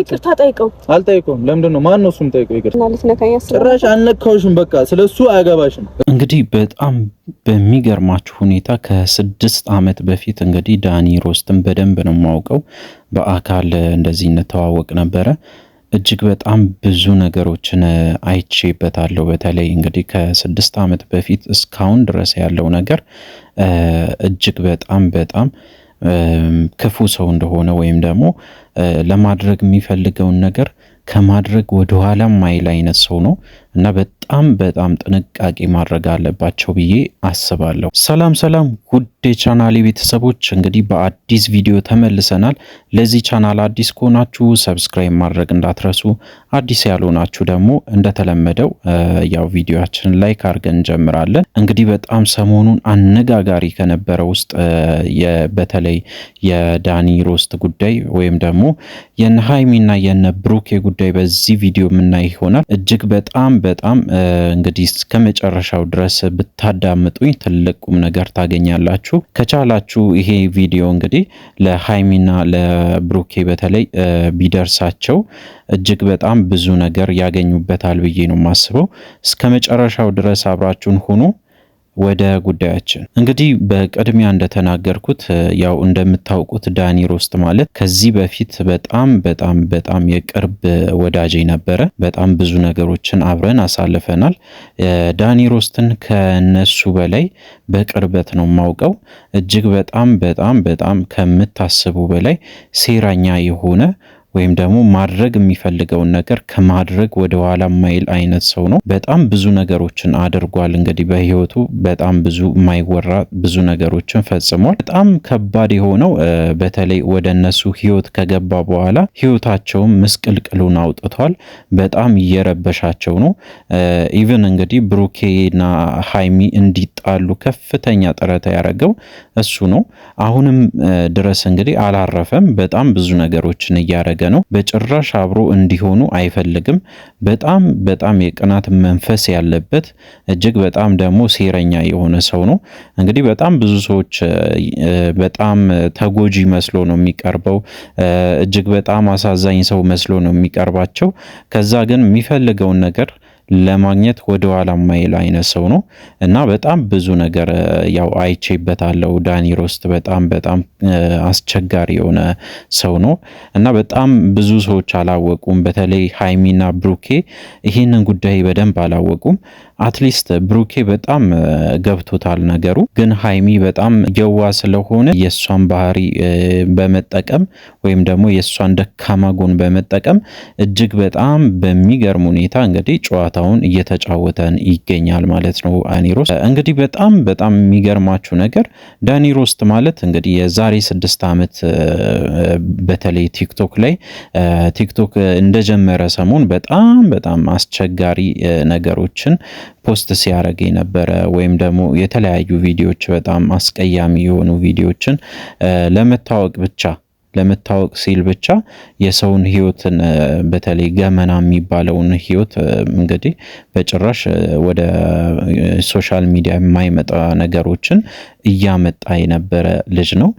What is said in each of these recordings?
ይቅርታ ጠይቀው። አልጠይቀውም። ለምንድን ነው ማን ነው እሱም ጠይቀው። ይቅርታ ጭራሽ አልነካውሽም። በቃ ስለሱ አያገባሽም። እንግዲህ በጣም በሚገርማችሁ ሁኔታ ከስድስት ዓመት በፊት እንግዲህ ዳኒ ሮስትን በደንብ ነው የማውቀው። በአካል እንደዚህ እንተዋወቅ ነበረ። እጅግ በጣም ብዙ ነገሮችን አይቼበታለሁ። በተለይ እንግዲህ ከስድስት ዓመት በፊት እስካሁን ድረስ ያለው ነገር እጅግ በጣም በጣም ክፉ ሰው እንደሆነ ወይም ደግሞ ለማድረግ የሚፈልገውን ነገር ከማድረግ ወደኋላ ማይል አይነት ሰው ነው። እና በጣም በጣም ጥንቃቄ ማድረግ አለባቸው ብዬ አስባለሁ። ሰላም ሰላም፣ ውድ የቻናሌ ቤተሰቦች እንግዲህ በአዲስ ቪዲዮ ተመልሰናል። ለዚህ ቻናል አዲስ ከሆናችሁ ሰብስክራይብ ማድረግ እንዳትረሱ፣ አዲስ ያልሆናችሁ ደግሞ እንደተለመደው ያው ቪዲዮችን ላይክ አድርገን እንጀምራለን። እንግዲህ በጣም ሰሞኑን አነጋጋሪ ከነበረ ውስጥ በተለይ የዳኒ ሮስት ጉዳይ ወይም ደግሞ የነ ሀይሚና የነ ብሩኬ ጉዳይ በዚህ ቪዲዮ የምናይ ይሆናል እጅግ በጣም በጣም እንግዲህ እስከ መጨረሻው ድረስ ብታዳምጡኝ ትልቅ ቁም ነገር ታገኛላችሁ። ከቻላችሁ ይሄ ቪዲዮ እንግዲህ ለሀይሚና ለብሩኬ በተለይ ቢደርሳቸው እጅግ በጣም ብዙ ነገር ያገኙበታል ብዬ ነው የማስበው። እስከ መጨረሻው ድረስ አብራችሁን ሁኑ። ወደ ጉዳያችን እንግዲህ በቅድሚያ እንደተናገርኩት ያው እንደምታውቁት ዳኒ ሮስት ማለት ከዚህ በፊት በጣም በጣም በጣም የቅርብ ወዳጄ ነበረ። በጣም ብዙ ነገሮችን አብረን አሳልፈናል። ዳኒ ሮስትን ከነሱ በላይ በቅርበት ነው የማውቀው። እጅግ በጣም በጣም በጣም ከምታስቡ በላይ ሴራኛ የሆነ ወይም ደግሞ ማድረግ የሚፈልገውን ነገር ከማድረግ ወደ ኋላ ማይል አይነት ሰው ነው። በጣም ብዙ ነገሮችን አድርጓል። እንግዲህ በህይወቱ በጣም ብዙ የማይወራ ብዙ ነገሮችን ፈጽሟል። በጣም ከባድ የሆነው በተለይ ወደ እነሱ ህይወት ከገባ በኋላ ህይወታቸውን ምስቅልቅሉን አውጥቷል። በጣም እየረበሻቸው ነው። ኢቨን እንግዲህ ብሩኬና ሀይሚ እንዲጣሉ ከፍተኛ ጥረት ያደረገው እሱ ነው። አሁንም ድረስ እንግዲህ አላረፈም። በጣም ብዙ ነገሮችን እያደረገ እየፈለገ ነው። በጭራሽ አብሮ እንዲሆኑ አይፈልግም። በጣም በጣም የቅናት መንፈስ ያለበት እጅግ በጣም ደግሞ ሴረኛ የሆነ ሰው ነው። እንግዲህ በጣም ብዙ ሰዎች በጣም ተጎጂ መስሎ ነው የሚቀርበው። እጅግ በጣም አሳዛኝ ሰው መስሎ ነው የሚቀርባቸው። ከዛ ግን የሚፈልገውን ነገር ለማግኘት ወደ ኋላ ማይል አይነት ሰው ነው እና በጣም ብዙ ነገር ያው አይቼበታለሁ። ዳኒ ሮስት በጣም በጣም አስቸጋሪ የሆነ ሰው ነው እና በጣም ብዙ ሰዎች አላወቁም። በተለይ ሃይሚና ብሩኬ ይህንን ጉዳይ በደንብ አላወቁም። አትሊስት uh, ብሩኬ በጣም uh, ገብቶታል ነገሩ። ግን ሀይሚ በጣም የዋ ስለሆነ የእሷን ባህሪ uh, በመጠቀም ወይም ደግሞ የእሷን ደካማ ጎን በመጠቀም እጅግ በጣም በሚገርም ሁኔታ እንግዲህ ጨዋታውን እየተጫወተን ይገኛል ማለት ነው። ዳኒሮስ እንግዲህ በጣም በጣም የሚገርማችሁ ነገር ዳኒሮስት ማለት እንግዲህ የዛሬ ስድስት ዓመት በተለይ ቲክቶክ ላይ ቲክቶክ እንደጀመረ ሰሞን በጣም በጣም አስቸጋሪ ነገሮችን ፖስት ሲያደርግ የነበረ ወይም ደግሞ የተለያዩ ቪዲዮዎች በጣም አስቀያሚ የሆኑ ቪዲዮዎችን ለመታወቅ ብቻ ለመታወቅ ሲል ብቻ የሰውን ህይወትን በተለይ ገመና የሚባለውን ህይወት እንግዲህ በጭራሽ ወደ ሶሻል ሚዲያ የማይመጣ ነገሮችን እያመጣ የነበረ ልጅ ነው።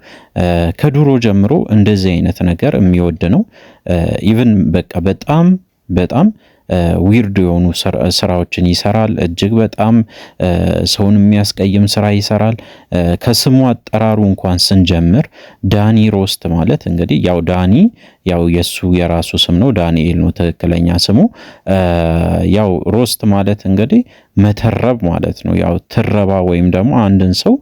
ከድሮ ጀምሮ እንደዚህ አይነት ነገር የሚወድ ነው። ኢቭን በቃ በጣም በጣም ዊርድ የሆኑ ስራዎችን ይሰራል። እጅግ በጣም ሰውን የሚያስቀይም ስራ ይሰራል። ከስሙ አጠራሩ እንኳን ስንጀምር ዳኒ ሮስት ማለት እንግዲህ ያው ዳኒ ያው የሱ የራሱ ስም ነው፣ ዳንኤል ነው ትክክለኛ ስሙ። ያው ሮስት ማለት እንግዲህ መተረብ ማለት ነው። ያው ትረባ ወይም ደግሞ አንድን ሰው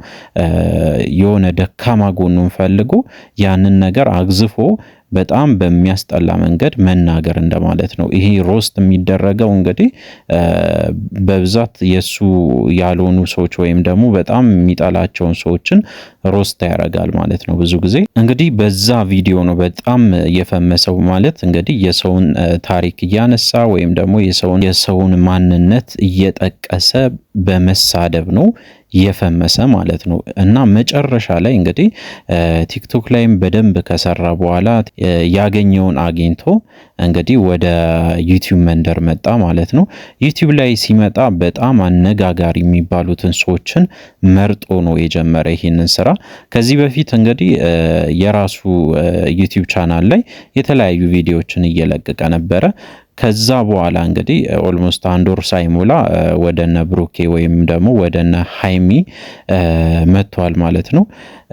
የሆነ ደካማ ጎኑን ፈልጎ ያንን ነገር አግዝፎ በጣም በሚያስጠላ መንገድ መናገር እንደማለት ነው። ይሄ ሮስት የሚደረገው እንግዲህ በብዛት የእሱ ያልሆኑ ሰዎች ወይም ደግሞ በጣም የሚጠላቸውን ሰዎችን ሮስት ያደርጋል ማለት ነው። ብዙ ጊዜ እንግዲህ በዛ ቪዲዮ ነው በጣም የፈመሰው ማለት እንግዲህ የሰውን ታሪክ እያነሳ ወይም ደግሞ የሰውን የሰውን ማንነት እየጠቀሰ በመሳደብ ነው የፈመሰ ማለት ነው። እና መጨረሻ ላይ እንግዲህ ቲክቶክ ላይም በደንብ ከሰራ በኋላ ያገኘውን አግኝቶ እንግዲህ ወደ ዩቲዩብ መንደር መጣ ማለት ነው። ዩቲዩብ ላይ ሲመጣ በጣም አነጋጋሪ የሚባሉትን ሰዎችን መርጦ ነው የጀመረ ይህንን ስራ ከዚህ በፊት እንግዲህ የራሱ ዩቲዩብ ቻናል ላይ የተለያዩ ቪዲዮዎችን እየለቀቀ ነበረ። ከዛ በኋላ እንግዲህ ኦልሞስት አንድ ወር ሳይሞላ ወደነ ብሩኬ ወይም ደግሞ ወደነ ሀይሚ መጥቷል ማለት ነው።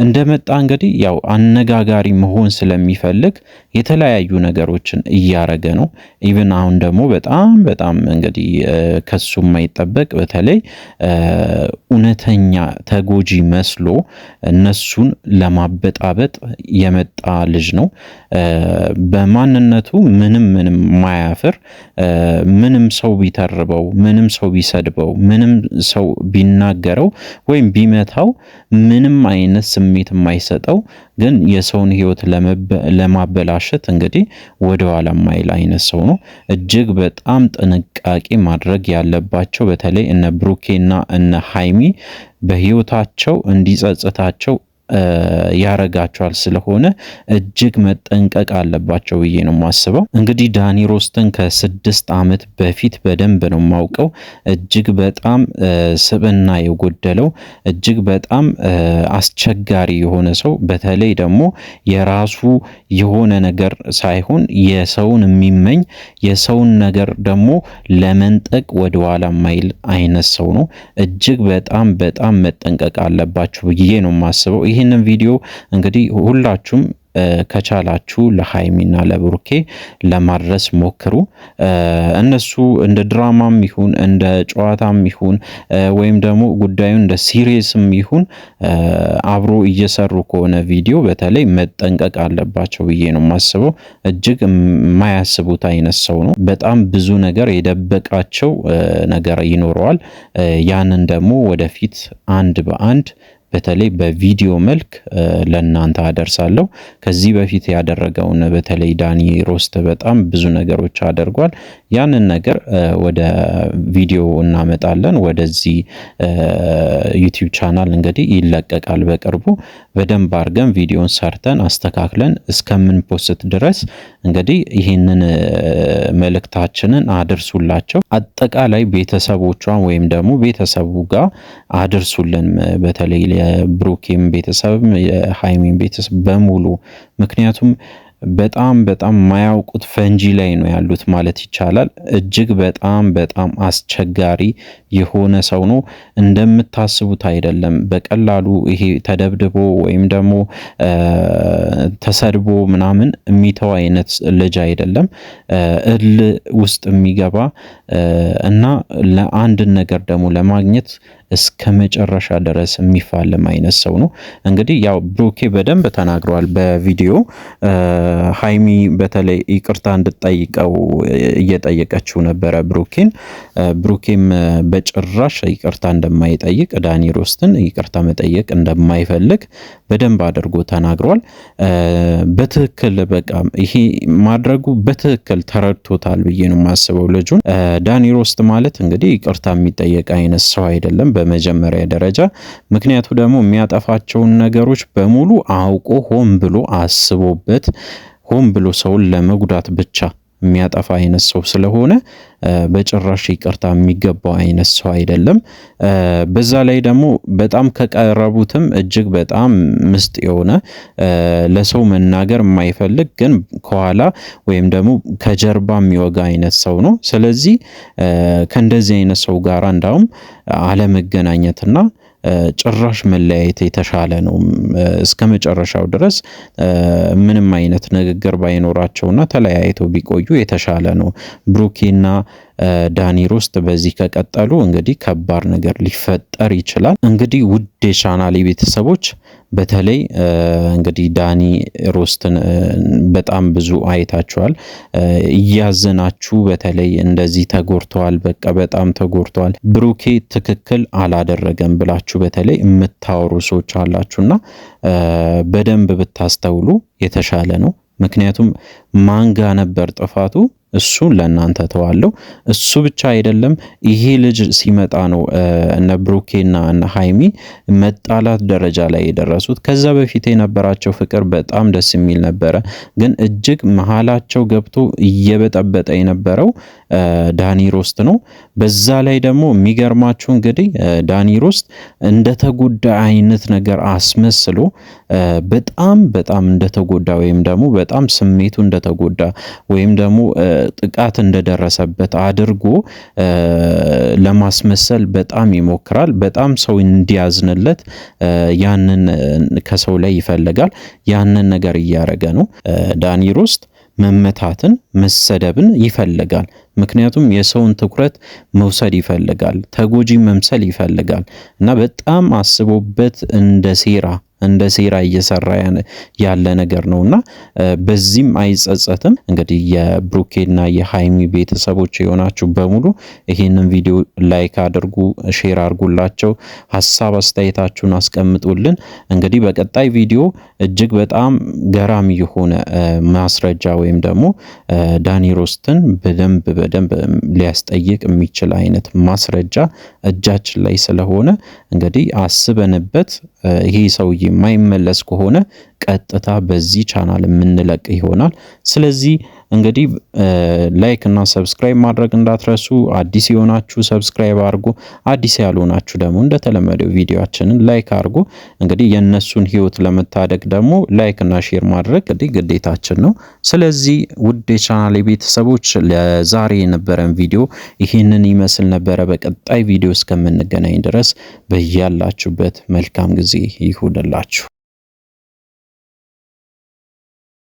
እንደመጣ እንግዲህ ያው አነጋጋሪ መሆን ስለሚፈልግ የተለያዩ ነገሮችን እያረገ ነው። ኢቨን አሁን ደግሞ በጣም በጣም እንግዲህ ከሱ የማይጠበቅ በተለይ እውነተኛ ተጎጂ መስሎ እነሱን ለማበጣበጥ የመጣ ልጅ ነው። በማንነቱ ምንም ምንም ማያፍር ቁጥር ምንም ሰው ቢተርበው፣ ምንም ሰው ቢሰድበው፣ ምንም ሰው ቢናገረው ወይም ቢመታው ምንም አይነት ስሜት የማይሰጠው ግን የሰውን ህይወት ለማበላሸት እንግዲህ ወደኋላ ማይል አይነት ሰው ነው። እጅግ በጣም ጥንቃቄ ማድረግ ያለባቸው በተለይ እነ ብሩኬና እነ ሀይሚ በህይወታቸው እንዲጸጽታቸው ያረጋቸዋል። ስለሆነ እጅግ መጠንቀቅ አለባቸው ብዬ ነው የማስበው። እንግዲህ ዳኒ ሮስትን ከስድስት ዓመት በፊት በደንብ ነው የማውቀው። እጅግ በጣም ስብና የጎደለው እጅግ በጣም አስቸጋሪ የሆነ ሰው፣ በተለይ ደግሞ የራሱ የሆነ ነገር ሳይሆን የሰውን የሚመኝ የሰውን ነገር ደግሞ ለመንጠቅ ወደኋላ ማይል አይነት ሰው ነው። እጅግ በጣም በጣም መጠንቀቅ አለባቸው ብዬ ነው የማስበው። ይህንን ቪዲዮ እንግዲህ ሁላችሁም ከቻላችሁ ለሀይሚና ለብሩኬ ለማድረስ ሞክሩ። እነሱ እንደ ድራማም ይሁን እንደ ጨዋታም ይሁን ወይም ደግሞ ጉዳዩን እንደ ሲሪየስም ይሁን አብሮ እየሰሩ ከሆነ ቪዲዮ በተለይ መጠንቀቅ አለባቸው ብዬ ነው የማስበው። እጅግ የማያስቡት አይነት ሰው ነው። በጣም ብዙ ነገር የደበቃቸው ነገር ይኖረዋል። ያንን ደግሞ ወደፊት አንድ በአንድ በተለይ በቪዲዮ መልክ ለእናንተ አደርሳለሁ። ከዚህ በፊት ያደረገውን በተለይ ዳኒ ሮስት በጣም ብዙ ነገሮች አድርጓል። ያንን ነገር ወደ ቪዲዮ እናመጣለን። ወደዚህ ዩቲዩብ ቻናል እንግዲህ ይለቀቃል በቅርቡ። በደንብ አድርገን ቪዲዮን ሰርተን አስተካክለን እስከምንፖስት ድረስ እንግዲህ ይህንን መልእክታችንን አድርሱላቸው። አጠቃላይ ቤተሰቦቿን ወይም ደግሞ ቤተሰቡ ጋር አድርሱልን። በተለይ የብሩኬም ቤተሰብ የሀይሚን ቤተሰብ በሙሉ ምክንያቱም በጣም በጣም ማያውቁት ፈንጂ ላይ ነው ያሉት ማለት ይቻላል። እጅግ በጣም በጣም አስቸጋሪ የሆነ ሰው ነው። እንደምታስቡት አይደለም። በቀላሉ ይሄ ተደብድቦ ወይም ደግሞ ተሰድቦ ምናምን የሚተው አይነት ልጅ አይደለም። እል ውስጥ የሚገባ እና ለአንድን ነገር ደግሞ ለማግኘት እስከ መጨረሻ ድረስ የሚፋለም አይነት ሰው ነው። እንግዲህ ያው ብሩኬ በደንብ ተናግረዋል በቪዲዮ ሀይሚ በተለይ ይቅርታ እንድጠይቀው እየጠየቀችው ነበረ ብሩኬን። ብሩኬም በጭራሽ ይቅርታ እንደማይጠይቅ ዳኒ ሮስትን ይቅርታ መጠየቅ እንደማይፈልግ በደንብ አድርጎ ተናግሯል። በትክክል በቃ ይሄ ማድረጉ በትክክል ተረድቶታል ብዬ ነው የማስበው። ልጁን ዳኒ ሮስት ማለት እንግዲህ ይቅርታ የሚጠየቅ አይነት ሰው አይደለም። በመጀመሪያ ደረጃ ምክንያቱ ደግሞ የሚያጠፋቸውን ነገሮች በሙሉ አውቆ ሆን ብሎ አስቦበት ሆን ብሎ ሰውን ለመጉዳት ብቻ የሚያጠፋ አይነት ሰው ስለሆነ በጭራሽ ይቅርታ የሚገባው አይነት ሰው አይደለም። በዛ ላይ ደግሞ በጣም ከቀረቡትም እጅግ በጣም ምስጥ የሆነ ለሰው መናገር የማይፈልግ ግን ከኋላ ወይም ደግሞ ከጀርባ የሚወጋ አይነት ሰው ነው። ስለዚህ ከእንደዚህ አይነት ሰው ጋር እንዳውም አለመገናኘትና ጭራሽ መለያየት የተሻለ ነው። እስከ መጨረሻው ድረስ ምንም አይነት ንግግር ባይኖራቸውና ተለያይተው ቢቆዩ የተሻለ ነው ብሩኬና ዳኒ ሮስት በዚህ ከቀጠሉ እንግዲህ ከባድ ነገር ሊፈጠር ይችላል። እንግዲህ ውድ የቻናሌ ቤተሰቦች በተለይ እንግዲህ ዳኒ ሮስትን በጣም ብዙ አይታችኋል። እያዘናችሁ በተለይ እንደዚህ ተጎርተዋል በቃ በጣም ተጎርተዋል፣ ብሩኬ ትክክል አላደረገም ብላችሁ በተለይ የምታወሩ ሰዎች አላችሁና በደንብ ብታስተውሉ የተሻለ ነው። ምክንያቱም ማንጋ ነበር ጥፋቱ እሱን ለእናንተ ተዋለው። እሱ ብቻ አይደለም፣ ይሄ ልጅ ሲመጣ ነው እነ ብሩኬና እነ ሃይሚ መጣላት ደረጃ ላይ የደረሱት። ከዛ በፊት የነበራቸው ፍቅር በጣም ደስ የሚል ነበረ፣ ግን እጅግ መሀላቸው ገብቶ እየበጠበጠ የነበረው ዳኒ ሮስት ነው። በዛ ላይ ደግሞ የሚገርማችሁ እንግዲህ ዳኒ ሮስት እንደተጎዳ አይነት ነገር አስመስሎ በጣም በጣም እንደተጎዳ ወይም ደግሞ በጣም ስሜቱ እንደተጎዳ ወይም ደግሞ ጥቃት እንደደረሰበት አድርጎ ለማስመሰል በጣም ይሞክራል። በጣም ሰው እንዲያዝንለት ያንን ከሰው ላይ ይፈልጋል። ያንን ነገር እያደረገ ነው ዳኒ ሮስት መመታትን መሰደብን ይፈልጋል። ምክንያቱም የሰውን ትኩረት መውሰድ ይፈልጋል፣ ተጎጂ መምሰል ይፈልጋል እና በጣም አስቦበት እንደ ሴራ እንደ ሴራ እየሰራ ያለ ነገር ነው እና በዚህም አይጸጸትም። እንግዲህ የብሩኬና የሃይሚ ቤተሰቦች የሆናችሁ በሙሉ ይህንን ቪዲዮ ላይክ አድርጉ፣ ሼር አድርጉላቸው፣ ሀሳብ አስተያየታችሁን አስቀምጡልን። እንግዲህ በቀጣይ ቪዲዮ እጅግ በጣም ገራሚ የሆነ ማስረጃ ወይም ደግሞ ዳኒ ሮስትን በደንብ በደንብ ሊያስጠይቅ የሚችል አይነት ማስረጃ እጃችን ላይ ስለሆነ እንግዲህ አስበንበት ይሄ ሰውዬ የማይመለስ ከሆነ ቀጥታ በዚህ ቻናል የምንለቅ ይሆናል። ስለዚህ እንግዲህ ላይክ እና ሰብስክራይብ ማድረግ እንዳትረሱ። አዲስ የሆናችሁ ሰብስክራይብ አድርጉ፣ አዲስ ያልሆናችሁ ደግሞ እንደተለመደው ቪዲዮአችንን ላይክ አድርጉ። እንግዲህ የእነሱን ህይወት ለመታደግ ደግሞ ላይክ እና ሼር ማድረግ እንግዲህ ግዴታችን ነው። ስለዚህ ውድ የቻናል ቤተሰቦች ለዛሬ የነበረን ቪዲዮ ይህንን ይመስል ነበረ። በቀጣይ ቪዲዮ እስከምንገናኝ ድረስ በያላችሁበት መልካም ጊዜ ይሁንላችሁ።